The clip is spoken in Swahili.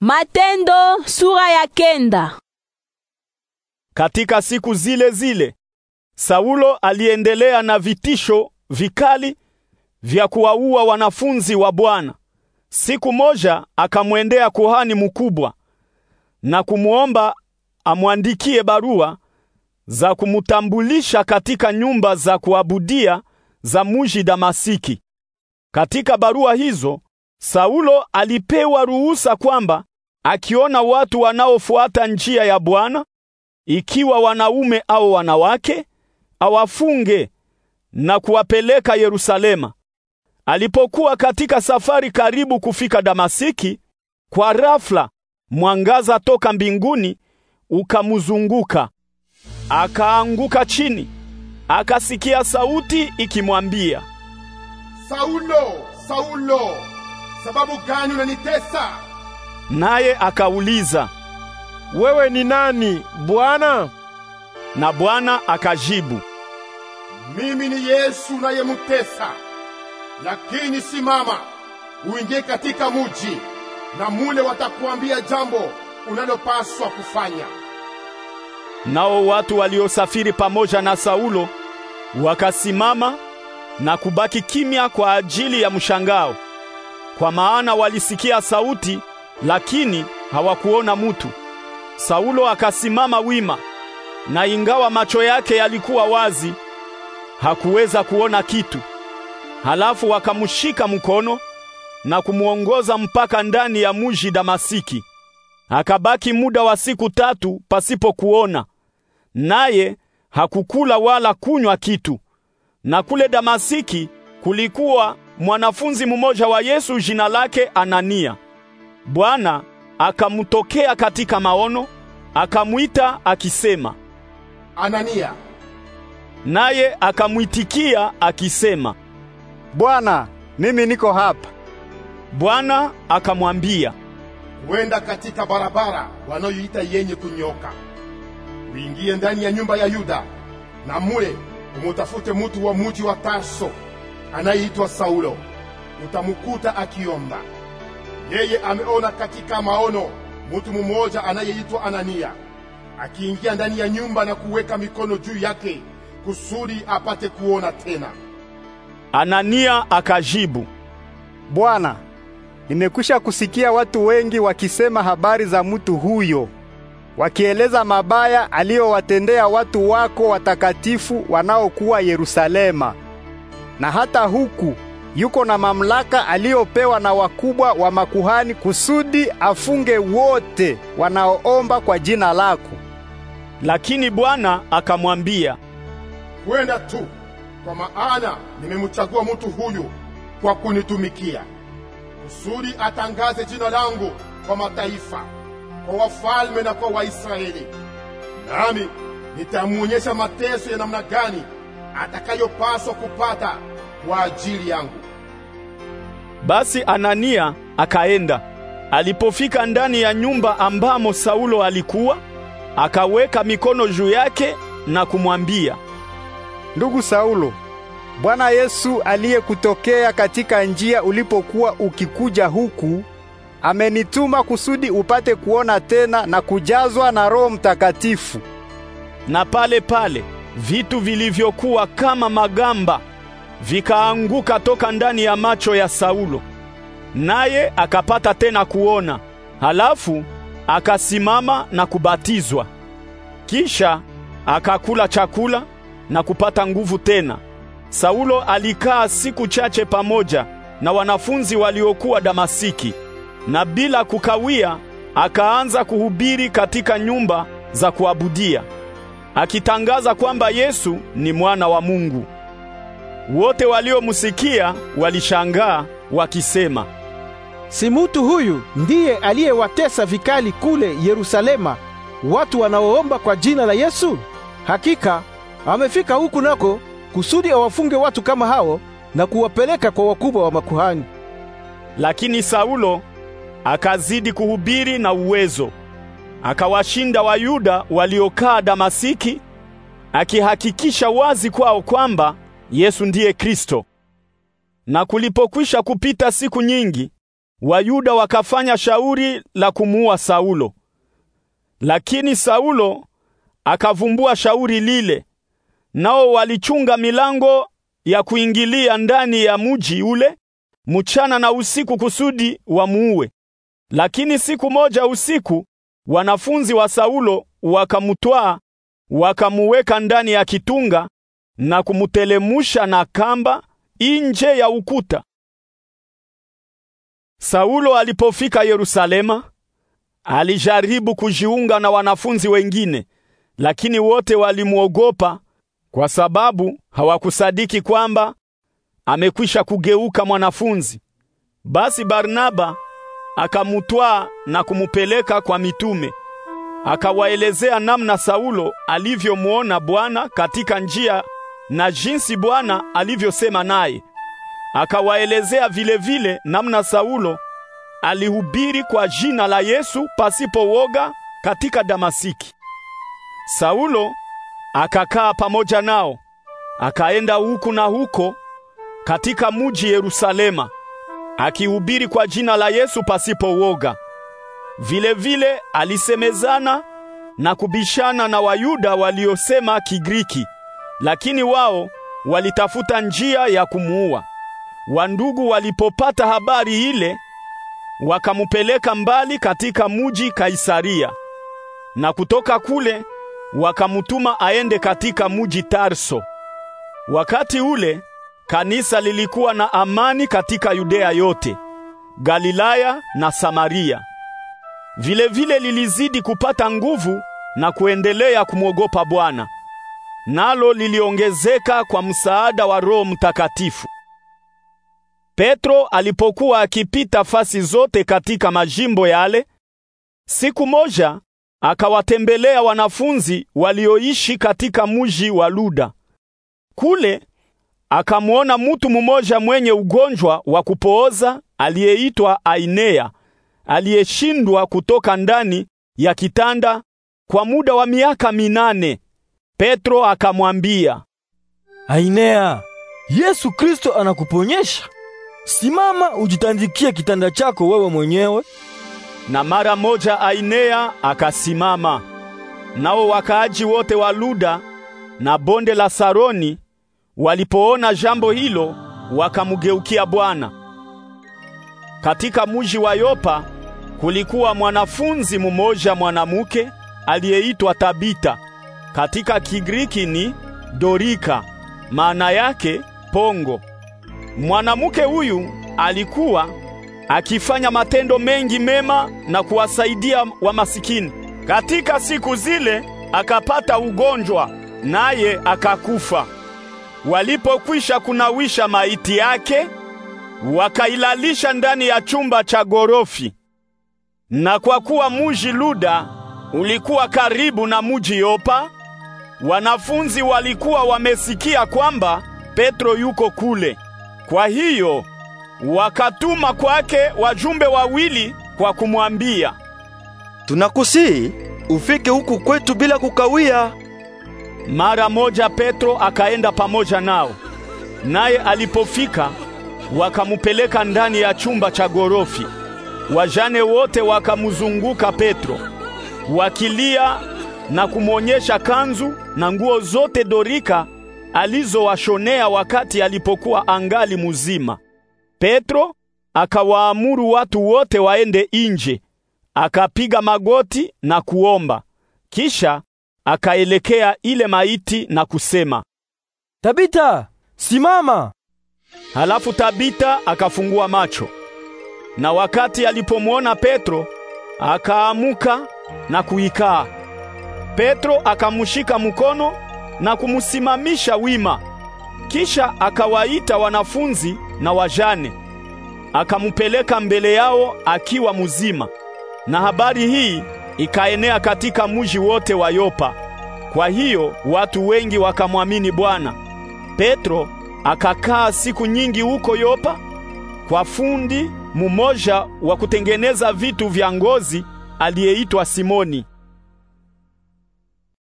Matendo sura ya kenda. Katika siku zile zile Saulo aliendelea na vitisho vikali vya kuwaua wanafunzi wa Bwana. Siku moja akamwendea kuhani mkubwa na kumwomba amwandikie barua za kumtambulisha katika nyumba za kuabudia za muji Damasiki. Katika barua hizo Saulo alipewa ruhusa kwamba akiona watu wanaofuata njia ya Bwana, ikiwa wanaume au wanawake, awafunge na kuwapeleka Yerusalema. Alipokuwa katika safari karibu kufika Damasiki, kwa rafla mwangaza toka mbinguni ukamzunguka. Akaanguka chini, akasikia sauti ikimwambia, Saulo, Saulo, sababu gani unanitesa? Naye akauliza, wewe ni nani Bwana? Na Bwana akajibu, mimi ni Yesu unayemutesa, lakini simama, uingie katika muji na mule watakuambia jambo unalopaswa kufanya. Nao watu waliosafiri pamoja na Saulo wakasimama na kubaki kimya kwa ajili ya mshangao kwa maana walisikia sauti lakini hawakuona mutu. Saulo akasimama wima na ingawa macho yake yalikuwa wazi hakuweza kuona kitu. Halafu wakamshika mkono na kumwongoza mpaka ndani ya muji Damasiki. Akabaki muda wa siku tatu pasipo kuona, naye hakukula wala kunywa kitu. Na kule Damasiki kulikuwa mwanafunzi mmoja wa Yesu jina lake Anania. Bwana akamtokea katika maono, akamwita akisema, Anania. Naye akamwitikia akisema, Bwana, mimi niko hapa. Bwana akamwambia, Wenda katika barabara wanayoita yenye kunyoka. Uingie ndani ya nyumba ya Yuda na mule umutafute mutu wa muji wa Tarso anayeitwa Saulo, utamkuta akiomba. Yeye ameona katika maono mtu mmoja anayeitwa Anania akiingia ndani ya nyumba na kuweka mikono juu yake kusudi apate kuona tena. Anania akajibu, Bwana, nimekwisha kusikia watu wengi wakisema habari za mtu huyo, wakieleza mabaya aliyowatendea watu wako watakatifu wanaokuwa Yerusalema na hata huku yuko na mamlaka aliyopewa na wakubwa wa makuhani kusudi afunge wote wanaoomba kwa jina lako. Lakini Bwana akamwambia, kwenda tu, kwa maana nimemchagua mtu huyu kwa kunitumikia, kusudi atangaze jina langu kwa mataifa, kwa wafalme na kwa Waisraeli. Nami nitamwonyesha mateso ya namna gani atakayopaswa kupata kwa ajili yangu. Basi Anania akaenda. Alipofika ndani ya nyumba ambamo Saulo alikuwa, akaweka mikono juu yake na kumwambia, Ndugu Saulo, Bwana Yesu aliyekutokea katika njia ulipokuwa ukikuja huku amenituma kusudi upate kuona tena na kujazwa na Roho Mtakatifu. Na pale pale vitu vilivyokuwa kama magamba vikaanguka toka ndani ya macho ya Saulo, naye akapata tena kuona. Halafu akasimama na kubatizwa, kisha akakula chakula na kupata nguvu tena. Saulo alikaa siku chache pamoja na wanafunzi waliokuwa Damasiki, na bila kukawia akaanza kuhubiri katika nyumba za kuabudia akitangaza kwamba Yesu ni mwana wa Mungu. Wote waliomsikia walishangaa wakisema, si mutu huyu ndiye aliyewatesa vikali kule Yerusalema watu wanaoomba kwa jina la Yesu? Hakika amefika huku nako kusudi awafunge watu kama hao na kuwapeleka kwa wakubwa wa makuhani. Lakini Saulo akazidi kuhubiri na uwezo akawashinda Wayuda waliokaa Damasiki, akihakikisha wazi kwao kwamba Yesu ndiye Kristo. Na kulipokwisha kupita siku nyingi, Wayuda wakafanya shauri la kumuua Saulo. Lakini Saulo akavumbua shauri lile. Nao walichunga milango ya kuingilia ndani ya muji ule mchana na usiku kusudi wamuue. Lakini siku moja usiku Wanafunzi wa Saulo wakamtwaa, wakamuweka ndani ya kitunga na kumutelemusha na kamba nje ya ukuta. Saulo alipofika Yerusalema, alijaribu kujiunga na wanafunzi wengine, lakini wote walimwogopa kwa sababu hawakusadiki kwamba amekwisha kugeuka mwanafunzi. Basi Barnaba akamutwaa na kumupeleka kwa mitume, akawaelezea namna Saulo alivyomwona Bwana katika njia na jinsi Bwana alivyosema naye. Akawaelezea vile vile namna Saulo alihubiri kwa jina la Yesu pasipo woga katika Damasiki. Saulo akakaa pamoja nao, akaenda huku na huko katika muji Yerusalema akihubiri kwa jina la Yesu pasipo woga. Vile vile alisemezana na kubishana na Wayuda waliosema Kigiriki, lakini wao walitafuta njia ya kumuua. Wandugu walipopata habari ile, wakamupeleka mbali katika muji Kaisaria, na kutoka kule wakamutuma aende katika muji Tarso. Wakati ule Kanisa lilikuwa na amani katika Yudea yote, Galilaya na Samaria. Vile vile lilizidi kupata nguvu na kuendelea kumwogopa Bwana. Nalo liliongezeka kwa msaada wa Roho Mtakatifu. Petro alipokuwa akipita fasi zote katika majimbo yale, siku moja akawatembelea wanafunzi walioishi katika mji wa Luda. Kule akamwona mutu mmoja mwenye ugonjwa wa kupooza aliyeitwa Ainea aliyeshindwa kutoka ndani ya kitanda kwa muda wa miaka minane. Petro akamwambia, Ainea, Yesu Kristo anakuponyesha. Simama ujitandikie kitanda chako wewe mwenyewe. Na mara moja Ainea akasimama. Nao wakaaji wote wa Luda na bonde la Saroni Walipoona jambo hilo, wakamgeukia Bwana. Katika muji wa Yopa kulikuwa mwanafunzi mmoja mwanamke aliyeitwa Tabita, katika Kigiriki ni Dorika, maana yake pongo. Mwanamke huyu alikuwa akifanya matendo mengi mema na kuwasaidia wamasikini. Katika siku zile akapata ugonjwa naye akakufa. Walipokwisha kunawisha maiti yake, wakailalisha ndani ya chumba cha gorofi. Na kwa kuwa muji Luda ulikuwa karibu na muji Yopa, wanafunzi walikuwa wamesikia kwamba Petro yuko kule. Kwa hiyo wakatuma kwake wajumbe wawili kwa kumwambia, tunakusihi ufike huku kwetu bila kukawia. Mara moja Petro akaenda pamoja nao, naye alipofika wakamupeleka ndani ya chumba cha gorofi. Wajane wote wakamuzunguka Petro wakilia na kumwonyesha kanzu na nguo zote Dorika alizowashonea wakati alipokuwa angali mzima. Petro akawaamuru watu wote waende nje, akapiga magoti na kuomba. Kisha akaelekea ile maiti na kusema, Tabita, simama. Halafu Tabita akafungua macho, na wakati alipomwona Petro akaamuka na kuikaa. Petro akamshika mkono na kumsimamisha wima, kisha akawaita wanafunzi na wajane, akamupeleka mbele yao akiwa mzima, na habari hii ikaenea katika mji wote wa Yopa. Kwa hiyo watu wengi wakamwamini Bwana. Petro akakaa siku nyingi huko Yopa kwa fundi mumoja wa kutengeneza vitu vya ngozi aliyeitwa Simoni.